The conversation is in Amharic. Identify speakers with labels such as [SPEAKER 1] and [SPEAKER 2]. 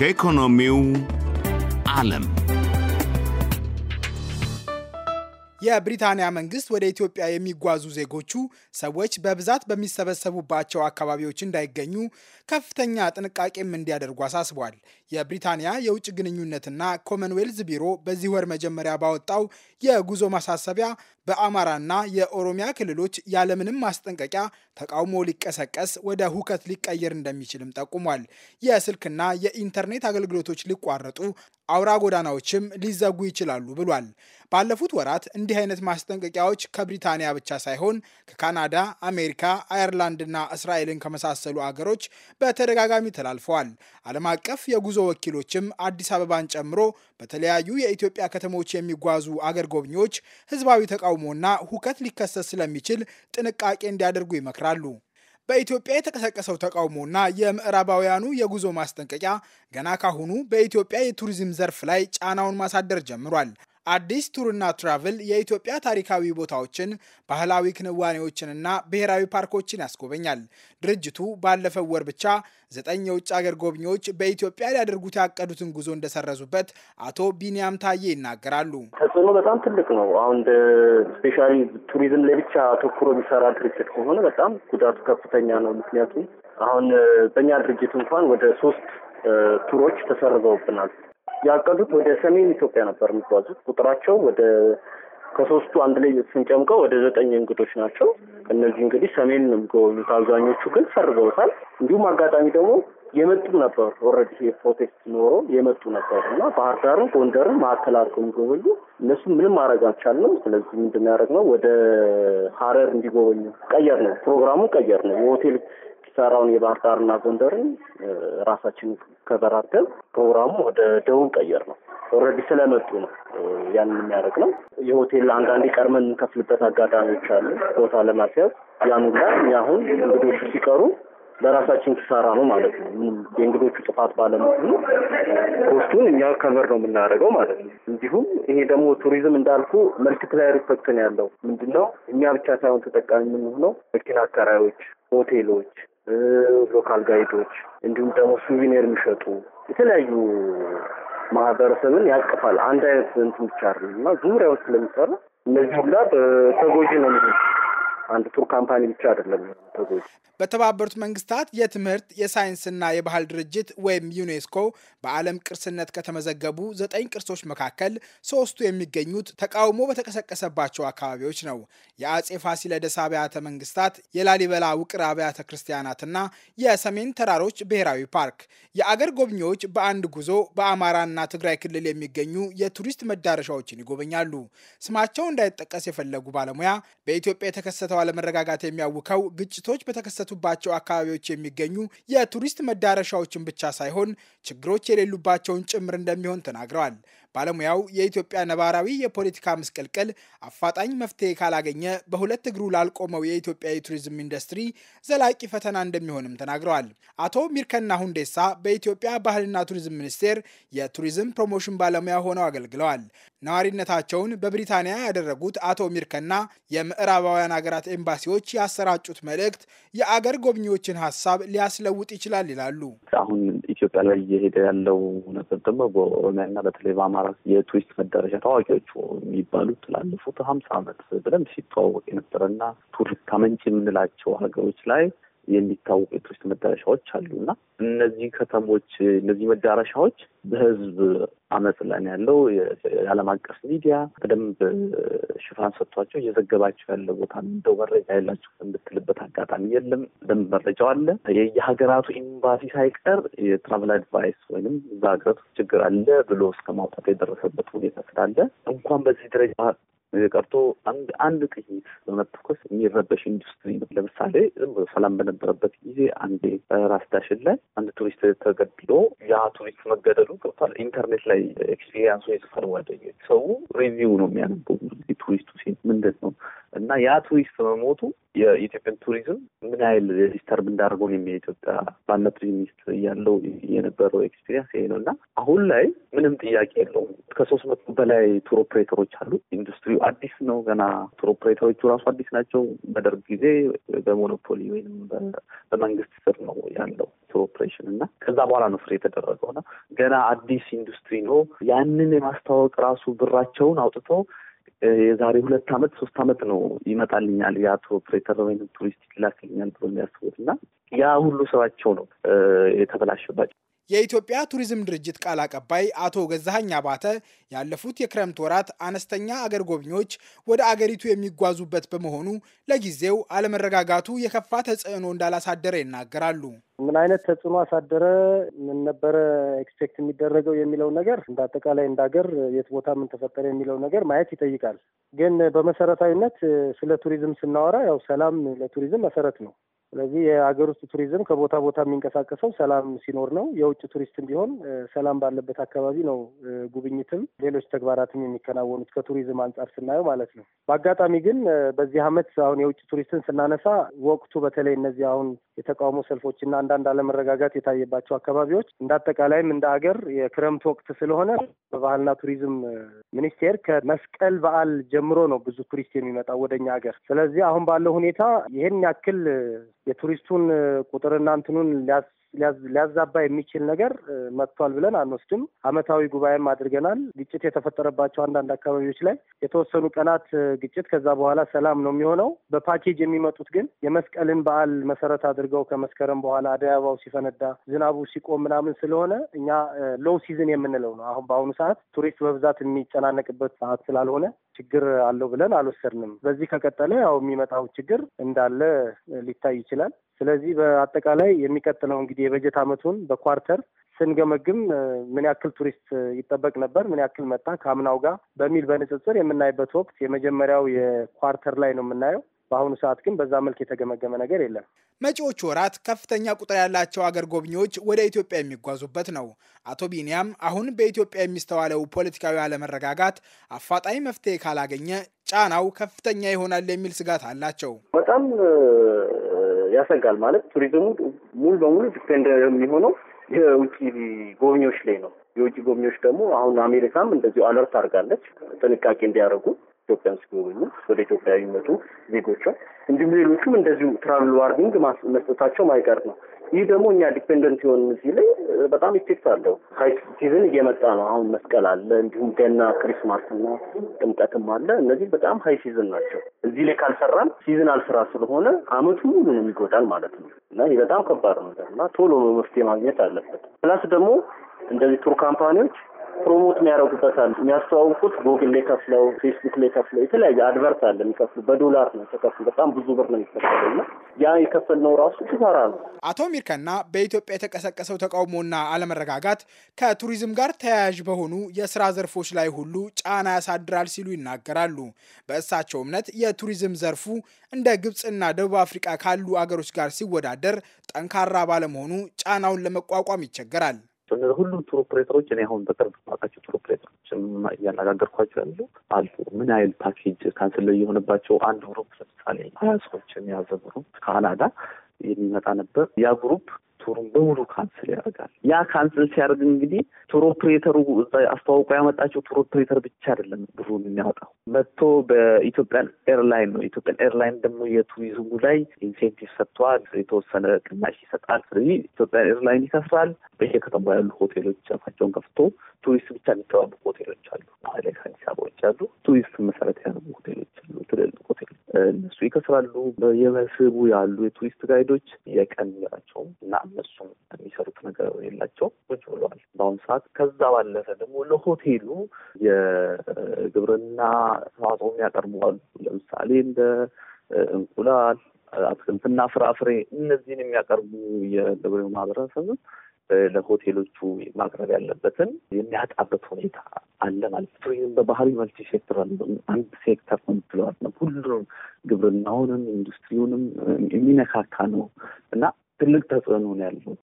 [SPEAKER 1] ከኢኮኖሚው ዓለም የብሪታንያ መንግስት ወደ ኢትዮጵያ የሚጓዙ ዜጎቹ ሰዎች በብዛት በሚሰበሰቡባቸው አካባቢዎች እንዳይገኙ ከፍተኛ ጥንቃቄም እንዲያደርጉ አሳስቧል። የብሪታንያ የውጭ ግንኙነትና ኮመንዌልዝ ቢሮ በዚህ ወር መጀመሪያ ባወጣው የጉዞ ማሳሰቢያ በአማራና የኦሮሚያ ክልሎች ያለምንም ማስጠንቀቂያ ተቃውሞ ሊቀሰቀስ ወደ ሁከት ሊቀየር እንደሚችልም ጠቁሟል። የስልክና የኢንተርኔት አገልግሎቶች ሊቋረጡ፣ አውራ ጎዳናዎችም ሊዘጉ ይችላሉ ብሏል። ባለፉት ወራት እንዲህ አይነት ማስጠንቀቂያዎች ከብሪታንያ ብቻ ሳይሆን ከካናዳ፣ አሜሪካ፣ አየርላንድና እስራኤልን ከመሳሰሉ አገሮች በተደጋጋሚ ተላልፈዋል። ዓለም አቀፍ የጉዞ ወኪሎችም አዲስ አበባን ጨምሮ በተለያዩ የኢትዮጵያ ከተሞች የሚጓዙ አገር ጎብኚዎች ህዝባዊ ተቃውሞና ሁከት ሊከሰት ስለሚችል ጥንቃቄ እንዲያደርጉ ይመክራሉ። በኢትዮጵያ የተቀሰቀሰው ተቃውሞና የምዕራባውያኑ የጉዞ ማስጠንቀቂያ ገና ካሁኑ በኢትዮጵያ የቱሪዝም ዘርፍ ላይ ጫናውን ማሳደር ጀምሯል። አዲስ ቱርና ትራቭል የኢትዮጵያ ታሪካዊ ቦታዎችን፣ ባህላዊ ክንዋኔዎችንና ብሔራዊ ፓርኮችን ያስጎበኛል። ድርጅቱ ባለፈው ወር ብቻ ዘጠኝ የውጭ አገር ጎብኚዎች በኢትዮጵያ ሊያደርጉት ያቀዱትን ጉዞ እንደሰረዙበት አቶ ቢንያም ታዬ ይናገራሉ።
[SPEAKER 2] ተጽዕኖ በጣም ትልቅ ነው። አሁን ስፔሻሊ ቱሪዝም ላይ ብቻ አተኩሮ የሚሰራ ድርጅት ከሆነ በጣም ጉዳቱ ከፍተኛ ነው። ምክንያቱም አሁን በእኛ ድርጅት እንኳን ወደ ሶስት ቱሮች ተሰርዘውብናል። ያቀዱት ወደ ሰሜን ኢትዮጵያ ነበር የሚጓዙት። ቁጥራቸው ወደ ከሶስቱ አንድ ላይ ስንጨምቀው ወደ ዘጠኝ እንግዶች ናቸው። እነዚህ እንግዲህ ሰሜን ነው የሚጎበኙት። አብዛኞቹ ግን ሰርገውታል። እንዲሁም አጋጣሚ ደግሞ የመጡ ነበር ኦልሬዲ የፕሮቴስት ኖሮ የመጡ ነበር እና ባህር ዳርም ጎንደርም ማዕከል አድርገው የሚጎበኙ እነሱ ምንም ማድረግ አልቻልንም። ስለዚህ ምንድን ነው ወደ ሀረር እንዲጎበኙ ቀየር ነው ፕሮግራሙ ቀየር ነው የሆቴል ሰራውን የባህር ዳርና ጎንደርን ራሳችን ተበራርተን ፕሮግራሙ ወደ ደቡብ ቀየር ነው። ኦልሬዲ ስለመጡ ነው ያንን የሚያደርግ ነው። የሆቴል አንዳንዴ ቀርመን የምንከፍልበት አጋጣሚዎች አሉ ቦታ ለማስያዝ ያኑላ። አሁን እንግዶቹ ሲቀሩ ለራሳችን ኪሳራ ነው ማለት ነው። የእንግዶቹ ጥፋት ባለመሆኑ ኮስቱን እኛ ከቨር ነው የምናደርገው ማለት ነው። እንዲሁም ይሄ ደግሞ ቱሪዝም እንዳልኩ መልቲፕላየር ኢፌክት ነው ያለው። ምንድነው እኛ ብቻ ሳይሆን ተጠቃሚ የምንሆነው መኪና አከራዮች፣ ሆቴሎች፣ ሎካል ጋይዶች እንዲሁም ደግሞ ሱቪኔር የሚሸጡ የተለያዩ ማህበረሰብን ያቅፋል። አንድ አይነት እንትን ብቻ አይደለም እና ዙሪያውን ስለሚሰራ እነዚህ ሁላ በተጎጂ ነው አንድ ቱር ካምፓኒ ብቻ አይደለም ተጎጂ።
[SPEAKER 1] በተባበሩት መንግስታት የትምህርት የሳይንስና የባህል ድርጅት ወይም ዩኔስኮ በዓለም ቅርስነት ከተመዘገቡ ዘጠኝ ቅርሶች መካከል ሶስቱ የሚገኙት ተቃውሞ በተቀሰቀሰባቸው አካባቢዎች ነው። የአጼ ፋሲለደስ አብያተ መንግስታት፣ የላሊበላ ውቅር አብያተ ክርስቲያናትና የሰሜን ተራሮች ብሔራዊ ፓርክ። የአገር ጎብኚዎች በአንድ ጉዞ በአማራና ትግራይ ክልል የሚገኙ የቱሪስት መዳረሻዎችን ይጎበኛሉ። ስማቸው እንዳይጠቀስ የፈለጉ ባለሙያ በኢትዮጵያ የተከሰተው አለመረጋጋት የሚያውከው ግጭቶች በተከሰቱባቸው አካባቢዎች የሚገኙ የቱሪስት መዳረሻዎችን ብቻ ሳይሆን ችግሮች የሌሉባቸውን ጭምር እንደሚሆን ተናግረዋል። ባለሙያው የኢትዮጵያ ነባራዊ የፖለቲካ ምስቅልቅል አፋጣኝ መፍትሄ ካላገኘ በሁለት እግሩ ላልቆመው የኢትዮጵያ የቱሪዝም ኢንዱስትሪ ዘላቂ ፈተና እንደሚሆንም ተናግረዋል። አቶ ሚርከና ሁንዴሳ በኢትዮጵያ ባህልና ቱሪዝም ሚኒስቴር የቱሪዝም ፕሮሞሽን ባለሙያ ሆነው አገልግለዋል። ነዋሪነታቸውን በብሪታንያ ያደረጉት አቶ ሚርከና የምዕራባውያን ሀገራት የሀገራት ኤምባሲዎች ያሰራጩት መልእክት የአገር ጎብኚዎችን ሀሳብ ሊያስለውጥ ይችላል ይላሉ።
[SPEAKER 3] አሁን ኢትዮጵያ ላይ እየሄደ ያለው ነገር ደግሞ በኦሮሚያና በተለይ በአማራ የቱሪስት መዳረሻ ታዋቂዎቹ የሚባሉት ላለፉት ሀምሳ ዓመት በደንብ ሲተዋወቅ የነበረና ቱሪስት አመንጭ የምንላቸው ሀገሮች ላይ የሚታወቁ የቱሪስት መዳረሻዎች አሉ እና እነዚህ ከተሞች እነዚህ መዳረሻዎች በህዝብ አመፅ ላይ ያለው። የዓለም አቀፍ ሚዲያ በደንብ ሽፋን ሰጥቷቸው እየዘገባቸው ያለ ቦታ እንደው መረጃ የላቸው የምትልበት አጋጣሚ የለም። በደንብ መረጃው አለ። የሀገራቱ ኤምባሲ ሳይቀር የትራቭል አድቫይስ ወይም እዛ ሀገራት ችግር አለ ብሎ እስከ ማውጣት የደረሰበት ሁኔታ ስላለ እንኳን በዚህ ደረጃ ቀርቶ አንድ አንድ ጥይት በመተኮስ የሚረበሽ ኢንዱስትሪ ነው። ለምሳሌ ዝም ብሎ ሰላም በነበረበት ጊዜ አንዴ ራስ ዳሽን ላይ አንድ ቱሪስት ተገድሎ ያ ቱሪስት መገደሉ ገብቷል። ኢንተርኔት ላይ ኤክስፒሪያንሱ የጽፋል ጓደኞች። ሰው ሪቪው ነው የሚያነበው ቱሪስቱ ሲ ምንድን ነው እና ያ ቱሪስት መሞቱ የኢትዮጵያን ቱሪዝም ምን ያህል ዲስተርብ እንዳደርገው የኢትዮጵያ ዋና ቱሪዝም ያለው የነበረው ኤክስፒሪንስ ይሄ ነው እና አሁን ላይ ምንም ጥያቄ የለውም። ከሶስት መቶ በላይ ቱር ኦፕሬተሮች አሉ። ኢንዱስትሪው አዲስ ነው ገና። ቱር ኦፕሬተሮቹ ራሱ አዲስ ናቸው። በደርግ ጊዜ በሞኖፖሊ ወይም በመንግስት ስር ነው ያለው ቱር ኦፕሬሽን እና ከዛ በኋላ ነው ፍሬ የተደረገው እና ገና አዲስ ኢንዱስትሪ ነው። ያንን የማስተዋወቅ ራሱ ብራቸውን አውጥተው የዛሬ ሁለት አመት ሶስት አመት ነው ይመጣልኛል የአቶ ኦፕሬተር ወይም ቱሪስት ይላክልኛል ብሎ የሚያስቡት እና ያ ሁሉ ስራቸው ነው የተበላሸባቸው።
[SPEAKER 1] የኢትዮጵያ ቱሪዝም ድርጅት ቃል አቀባይ አቶ ገዛሀኝ አባተ ያለፉት የክረምት ወራት አነስተኛ አገር ጎብኚዎች ወደ አገሪቱ የሚጓዙበት በመሆኑ ለጊዜው አለመረጋጋቱ የከፋ ተጽዕኖ እንዳላሳደረ ይናገራሉ።
[SPEAKER 4] ምን አይነት ተጽዕኖ አሳደረ፣ ምን ነበረ ኤክስፔክት የሚደረገው የሚለው ነገር እንደ አጠቃላይ እንደ ሀገር የት ቦታ ምን ተፈጠረ የሚለው ነገር ማየት ይጠይቃል። ግን በመሰረታዊነት ስለ ቱሪዝም ስናወራ ያው ሰላም ለቱሪዝም መሰረት ነው። ስለዚህ የሀገር ውስጥ ቱሪዝም ከቦታ ቦታ የሚንቀሳቀሰው ሰላም ሲኖር ነው። የውጭ ቱሪስትም ቢሆን ሰላም ባለበት አካባቢ ነው ጉብኝትም ሌሎች ተግባራትም የሚከናወኑት ከቱሪዝም አንጻር ስናየው ማለት ነው። በአጋጣሚ ግን በዚህ ዓመት አሁን የውጭ ቱሪስትን ስናነሳ ወቅቱ በተለይ እነዚህ አሁን የተቃውሞ ሰልፎች እና አንዳንድ አለመረጋጋት የታየባቸው አካባቢዎች እንደ አጠቃላይም እንደ ሀገር የክረምት ወቅት ስለሆነ በባህልና ቱሪዝም ሚኒስቴር ከመስቀል በዓል ጀምሮ ነው ብዙ ቱሪስት የሚመጣው ወደኛ ሀገር። ስለዚህ አሁን ባለው ሁኔታ ይህን ያክል የቱሪስቱን ቁጥርና እንትኑን ሊያዛባ የሚችል ነገር መጥቷል ብለን አንወስድም። አመታዊ ጉባኤም አድርገናል። ግጭት የተፈጠረባቸው አንዳንድ አካባቢዎች ላይ የተወሰኑ ቀናት ግጭት፣ ከዛ በኋላ ሰላም ነው የሚሆነው። በፓኬጅ የሚመጡት ግን የመስቀልን በዓል መሰረት አድርገው ከመስከረም በኋላ አደይ አበባው ሲፈነዳ ዝናቡ ሲቆም ምናምን ስለሆነ እኛ ሎው ሲዝን የምንለው ነው። አሁን በአሁኑ ሰዓት ቱሪስት በብዛት የሚጨናነቅበት ሰዓት ስላልሆነ ችግር አለው ብለን አልወሰድንም። በዚህ ከቀጠለ ያው የሚመጣው ችግር እንዳለ ሊታይ ይችላል። ስለዚህ በአጠቃላይ የሚቀጥለው እንግዲህ የበጀት ዓመቱን በኳርተር ስንገመግም ምን ያክል ቱሪስት ይጠበቅ ነበር፣ ምን ያክል መጣ ከአምናው ጋር በሚል በንጽጽር የምናይበት ወቅት የመጀመሪያው የኳርተር ላይ ነው የምናየው። በአሁኑ ሰዓት ግን በዛ መልክ የተገመገመ ነገር የለም።
[SPEAKER 1] መጪዎቹ ወራት ከፍተኛ ቁጥር ያላቸው አገር ጎብኚዎች ወደ ኢትዮጵያ የሚጓዙበት ነው። አቶ ቢኒያም አሁን በኢትዮጵያ የሚስተዋለው ፖለቲካዊ አለመረጋጋት አፋጣኝ መፍትሄ ካላገኘ ጫናው ከፍተኛ ይሆናል የሚል ስጋት አላቸው።
[SPEAKER 2] በጣም ያሰጋል ማለት ቱሪዝሙ ሙሉ በሙሉ ዲፔንድ የሚሆነው የውጭ ጎብኚዎች ላይ ነው። የውጭ ጎብኚዎች ደግሞ አሁን አሜሪካም እንደዚሁ አለርት አድርጋለች ጥንቃቄ እንዲያደርጉ ኢትዮጵያን ሲጎበኙ ወደ ኢትዮጵያ የሚመጡ ዜጎቿ እንዲሁም ሌሎቹም እንደዚሁ ትራቭል ዋርኒንግ መስጠታቸው ማይቀር ነው። ይህ ደግሞ እኛ ዲፔንደንት የሆን እዚህ ላይ በጣም ኢፌክት አለው። ሀይ ሲዝን እየመጣ ነው። አሁን መስቀል አለ፣ እንዲሁም ገና፣ ክሪስማስ እና ጥምቀትም አለ። እነዚህ በጣም ሀይ ሲዝን ናቸው። እዚህ ላይ ካልሰራን ሲዝናል ስራ ስለሆነ አመቱ ሙሉ ነው የሚጎዳል ማለት ነው እና ይህ በጣም ከባድ ነው እና ቶሎ መፍትሄ ማግኘት አለበት። ፕላስ ደግሞ እንደዚህ ቱር ካምፓኒዎች ፕሮሞት የሚያደርጉበት አለ። የሚያስተዋውቁት ጎግል ላይ ከፍለው፣ ፌስቡክ ላይ ከፍለው የተለያየ አድቨርት አለ የሚከፍሉ በዶላር ነው ተከፍሉ። በጣም ብዙ ብር ነው የሚከፈለው እና ያ የከፈልነው ራሱ ኪሳራ ነው።
[SPEAKER 1] አቶ ሚርከና በኢትዮጵያ የተቀሰቀሰው ተቃውሞና አለመረጋጋት ከቱሪዝም ጋር ተያያዥ በሆኑ የስራ ዘርፎች ላይ ሁሉ ጫና ያሳድራል ሲሉ ይናገራሉ። በእሳቸው እምነት የቱሪዝም ዘርፉ እንደ ግብፅና ደቡብ አፍሪካ ካሉ አገሮች ጋር ሲወዳደር ጠንካራ ባለመሆኑ ጫናውን ለመቋቋም ይቸገራል። ናቸው። እነዚህ ሁሉም ቱር ኦፕሬተሮች እኔ አሁን በቅርብ ማውቃቸው ቱር ኦፕሬተሮች
[SPEAKER 3] እያነጋገርኳቸው ያሉ አሉ። ምን ያህል ፓኬጅ ካንስል የሆነባቸው አንድ ግሩፕ ለምሳሌ ሀያ ሰዎችን የያዘ ግሩፕ ከካናዳ የሚመጣ ነበር። ያ ግሩፕ ቱሩን በሙሉ ካንስል ያደርጋል። ያ ካንስል ሲያደርግ እንግዲህ ቱር ኦፕሬተሩ አስተዋውቆ ያመጣቸው ቱር ኦፕሬተር ብቻ አይደለም ብሩን የሚያወጣው መጥቶ በኢትዮጵያን ኤርላይን ነው። ኢትዮጵያን ኤርላይን ደግሞ የቱሪዝሙ ላይ ኢንሴንቲቭ ሰጥቷል፣ የተወሰነ ቅናሽ ይሰጣል። ስለዚህ ኢትዮጵያን ኤርላይን ይከስራል። በየከተማ ያሉ ሆቴሎች ጫፋቸውን ከፍቶ ቱሪስት ብቻ የሚተባበቁ ሆቴሎች አሉ። ላይ ከአዲስ አበባዎች አሉ። ቱሪስት መሰረት ያደረጉ ሆቴሎች አሉ፣ ትልልቅ ሆቴሎች እነሱ ይከስራሉ። የመስህቡ ያሉ የቱሪስት ጋይዶች የቀን ያቸውም እና እነሱም የሚሰሩት ነገር የላቸውም ቁጭ ብለዋል። በአሁኑ ሰዓት። ከዛ ባለፈ ደግሞ ለሆቴሉ የግብርና ተዋጽኦ የሚያቀርቡ አሉ። ለምሳሌ እንደ እንቁላል፣ አትክልትና ፍራፍሬ እነዚህን የሚያቀርቡ የገበሬው ማህበረሰብም ለሆቴሎቹ ማቅረብ ያለበትን የሚያጣበት ሁኔታ አለ ማለት ቱሪዝም በባህሪ መልቲ ሴክተር አንድ ሴክተር ነው የምትለዋል ነው ሁሉንም ግብርናውንም ኢንዱስትሪውንም የሚነካካ ነው እና ትልቅ ተጽዕኖ ነው ያለው።